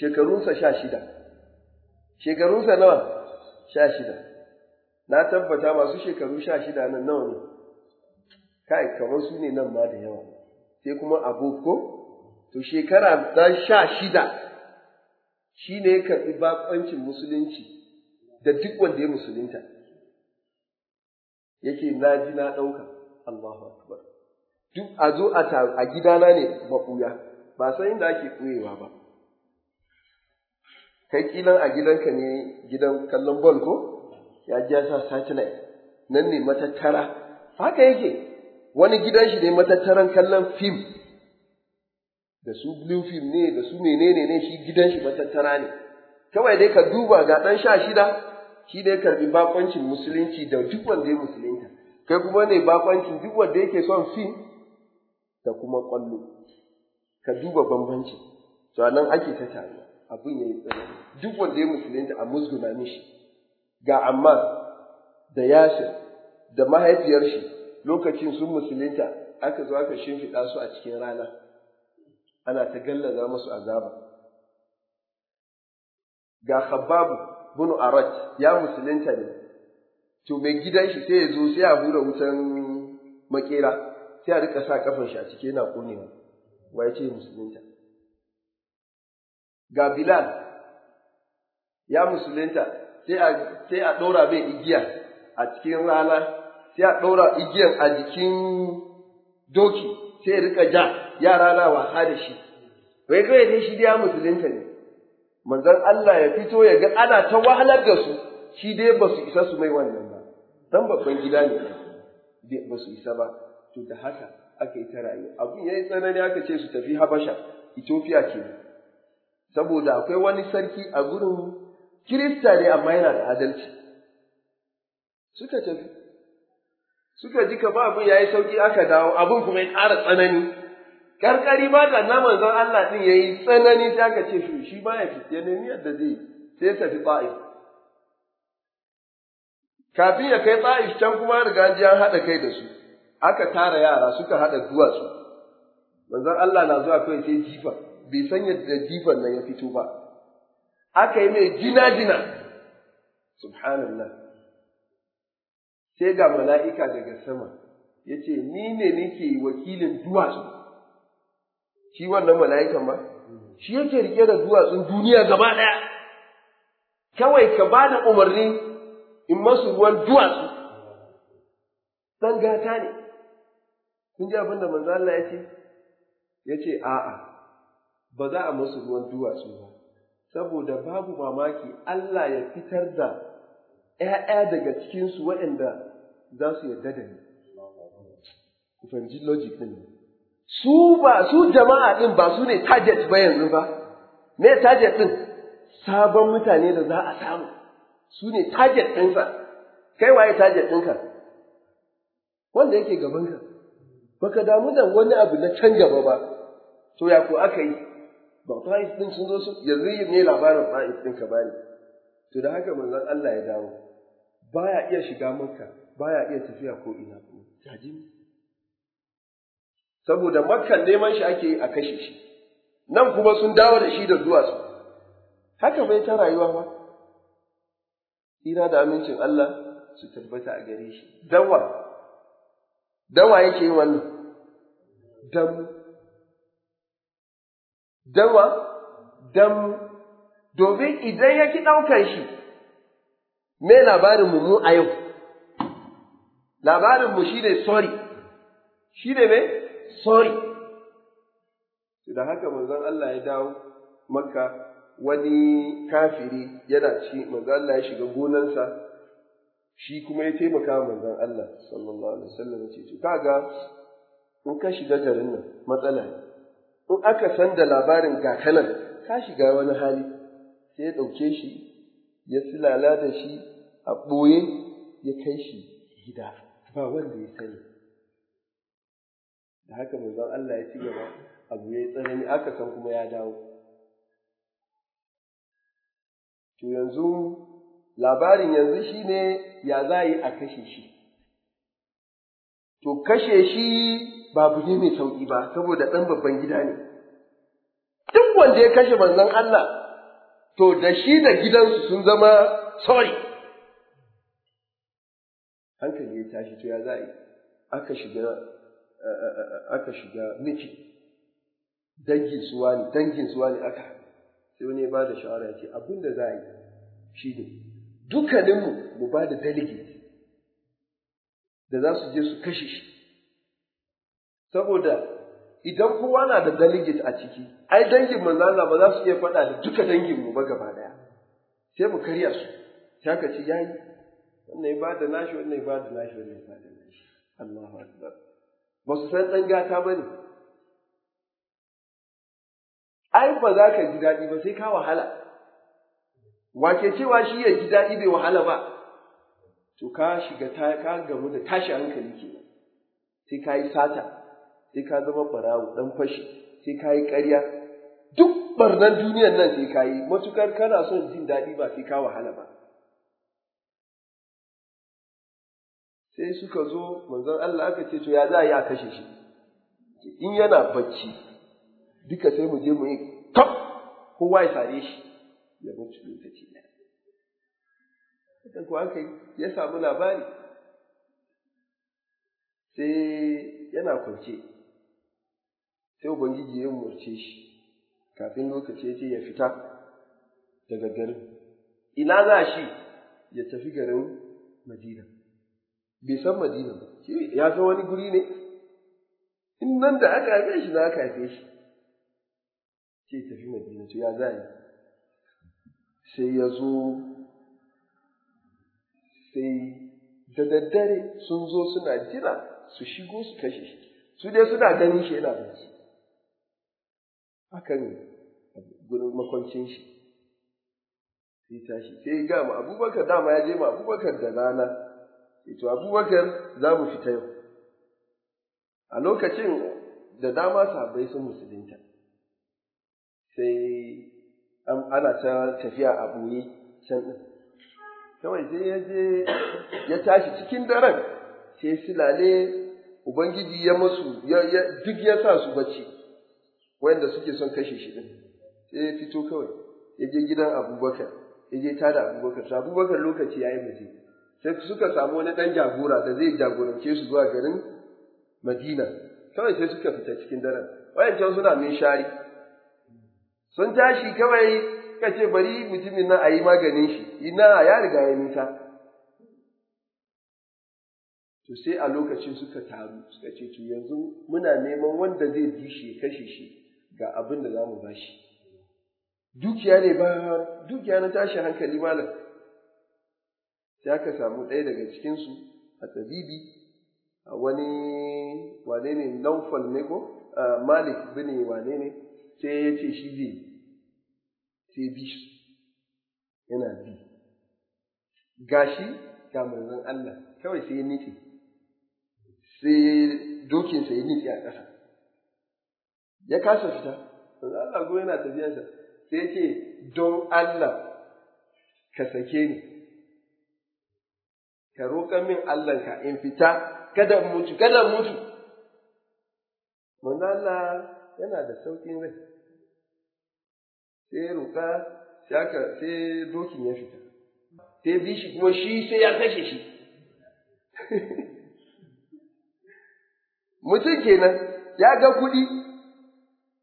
shekarunsa sha shida shekarunsa nawa sha shida na tabbata masu shekaru sha shida nan nawa ne kai kamar su ne nan ma da yawa sai kuma aboko to shekara ta sha shida shi ne ya karɓi baƙwancin musulunci da duk wanda ya musulunta yake na ji na ɗauka Allahu akbar duk a zo a gidana ne maɓuya ba san inda ake ɓoyewa ba kai kilan a gidanka ne gidan kallon bol ko ya ji ya sa satellite nan ne matattara haka yake wani gidan shi ne matattaran kallon fim da su blue film ne da su menene ne shi gidan shi matattara ne kawai dai ka duba ga ɗan sha shida shi dai karbi bakoncin musulunci da duk wanda ya musulunta kai kuma ne bakoncin duk wanda yake son fim da kuma ƙwallo ka duba bambancin to nan ake ta taruwa abin ya yi tsanani duk wanda ya musulunta a musguna mishi ga amma da yasir da mahaifiyar shi lokacin sun musulunta aka zo aka shimfiɗa su a cikin rana ana ta gallaza musu azaba ga khababu bin arat ya musulunta ne to mai gidan shi sai ya zo sai ya hura wutan makera sai a rika sa kafin shi a cike yana kunewa wai ya ce musulunta ga Bilal ya musulunta sai a ɗora mai igiya a cikin rana sai a ɗora igiyan a jikin doki sai rika ja yara na wasa da shi wai kai ne shi ya musulunta ne manzon Allah ya fito ya ga ana ta wahalar da su shi dai ba su isa su mai wannan ba dan babban gida ne ba su isa ba to da haka aka yi ta rayu abin yayi tsanani aka ce su tafi Habasha Ethiopia kenan saboda akwai wani sarki a gurin Kirista ne amma yana da adalci. Suka tafi, suka ji ba abin ya yi sauƙi aka dawo, abin kuma ya ƙara tsanani. Karkari ba da na manzon Allah ɗin ya yi tsanani ta aka ce shi ba ya fi ne yadda zai sai tafi ta'if. Kafin ya kai ta'if can kuma riga ji an haɗa kai da su, aka tara yara suka haɗa duwatsu. Manzon Allah na zuwa kawai sai jifa. bai san yadda jifan nan ya fito ba aka yi mai jina-jina subhanallah sai ga mala'ika daga sama ya ce ni ne nake wakilin duwatsu shi wannan mala'ikan ba shi yake rike da duwatsun duniya gaba ɗaya kawai ka ba da umarni in masu ruwan duwatsu ɗan gata ne kun ji abin da manzo ya ce ya ce a'a ba za a musu ruwan duwatsu ba saboda babu mamaki Allah ya fitar da ‘ya'ya daga cikinsu waɗanda za su yarda da ni. Ku ji logic ɗin ne. Su ba su jama'a ɗin ba su ne target ba yanzu ba. Me target ɗin? Sabon mutane da za a samu. Su ne target ɗinsa. Kai waye target ɗinka? Wanda yake gabanka. Baka damu da wani abu na can gaba ba. To ya ko aka yi? ba ta'if din sun zo su yanzu ne labarin ta'if ɗin ka bani to da haka manzon Allah ya dawo baya iya shiga makka baya iya tafiya ko ina ko jaji saboda makkan neman shi ake a kashe shi nan kuma sun dawo da shi da duwatsu haka bai ta rayuwa ba ina da amincin Allah su tabbata a gare shi dawa dawa yake yi wannan damu dawa dam domin idan ya ki ɗaukar shi me labarin mu a yau labarin mu shine sorry shine me sorry da haka manzon Allah ya dawo makka wani kafiri yana ci manzon Allah ya shiga gonansa, shi kuma ya taimaka manzon Allah sallallahu alaihi wasallam ya ce kaga in ka shiga garin nan matsala ne in aka san da labarin ga kanan ka shiga wani hali sai ya ɗauke shi ya silala da shi a ɓoye ya kai shi gida ba wanda ya sani da haka manzon Allah ya ci gaba abu ya tsanani aka san kuma ya dawo to yanzu labarin yanzu shi ne ya za a yi a kashe shi to kashe shi ba buje mai sauki ba saboda ɗan babban gida ne duk wanda ya kashe manzon Allah to da shi da gidansu sun zama sorry hankali ya tashi to ya za yi aka shiga aka shiga miki dangin suwa ne dangin suwa ne aka sai wani ba da shawara ya ce abin da za a yi shi ne dukkaninmu mu ba da delegate da za su je su kashe shi saboda idan kowa na da delegate a ciki ai dangin mu manzana ba za su iya faɗa da duka dangin mu ba gaba daya sai mu karya su sai ka ci yayi wannan ya bada nashi wannan ya bada nashi wannan ya bada nashi Allahu akbar ba su san dan gata bane ai ba za ka ji daɗi ba sai ka wahala wake cewa shi ya ji daɗi bai wahala ba to ka shiga ka gamu da tashi hankali kenan sai ka yi sata sai ka zama barawo dan fashi sai ka yi ƙarya duk barnan duniyar nan sai ka yi matukar kana son jin daɗi ba sai ka wahala ba sai suka zo manzon Allah aka ce to ya za a yi a kashe shi in yana bacci duka sai mu je mu yi kaf kowa ya sare shi ya mutu lokaci ɗaya da kuwa aka ya samu labari sai yana kwance sai ubangiji ya umarce shi kafin lokaci ya ce ya fita daga garin ina za shi ya tafi garin madina bai san madina ba ya san wani guri ne in nan da aka haife shi na aka haife shi ce tafi madina to ya za yi sai ya zo sai da daddare sun zo suna jira su shigo su kashe shi su dai suna ganin shi yana da akan gurin makwancin shi sai tashi sai ga mu abubakar dama ya je mu abubakar da rana to abubakar za mu fita yau a lokacin da dama sahabbai sun musulunta sai ana ta tafiya a buye can din kawai sai ya je ya tashi cikin daren sai silale ubangiji ya masu duk ya sa su bacci wanda suke son kashe shi din sai ya fito kawai ya je gidan abubakar ya je tada abubakar sa abubakar lokaci ya yi mace sai suka samu wani ɗan jagora da zai jagorance su zuwa garin madina kawai sai suka fita cikin daren wayancan suna min shari sun tashi kawai kace bari mutumin nan a yi maganin shi ina ya riga ya nisa to sai a lokacin suka taru suka ce to yanzu muna neman wanda zai dishe kashe shi ga abin da za mu ba shi dukiya ne ba dukiya na tashi hankali malam sai aka samu ɗaya daga cikinsu a tabibi a wani wane ne naufal ne ko malik ne wane ne sai ya ce shi zai sai bi yana bi gashi ga manzon Allah kawai sai ya nitse sai dokinsa ya nitse a ƙasa ya kasa fita manzo Allah go yana tafiyarsa sai ya ce don Allah ka sake ni ka roƙa min Allah ka in fita kada mutu kada mutu manzo Allah yana da saukin rai sai roƙa sai sai dokin ya fita sai bi shi kuma shi sai ya kashe shi mutum kenan ya ga kuɗi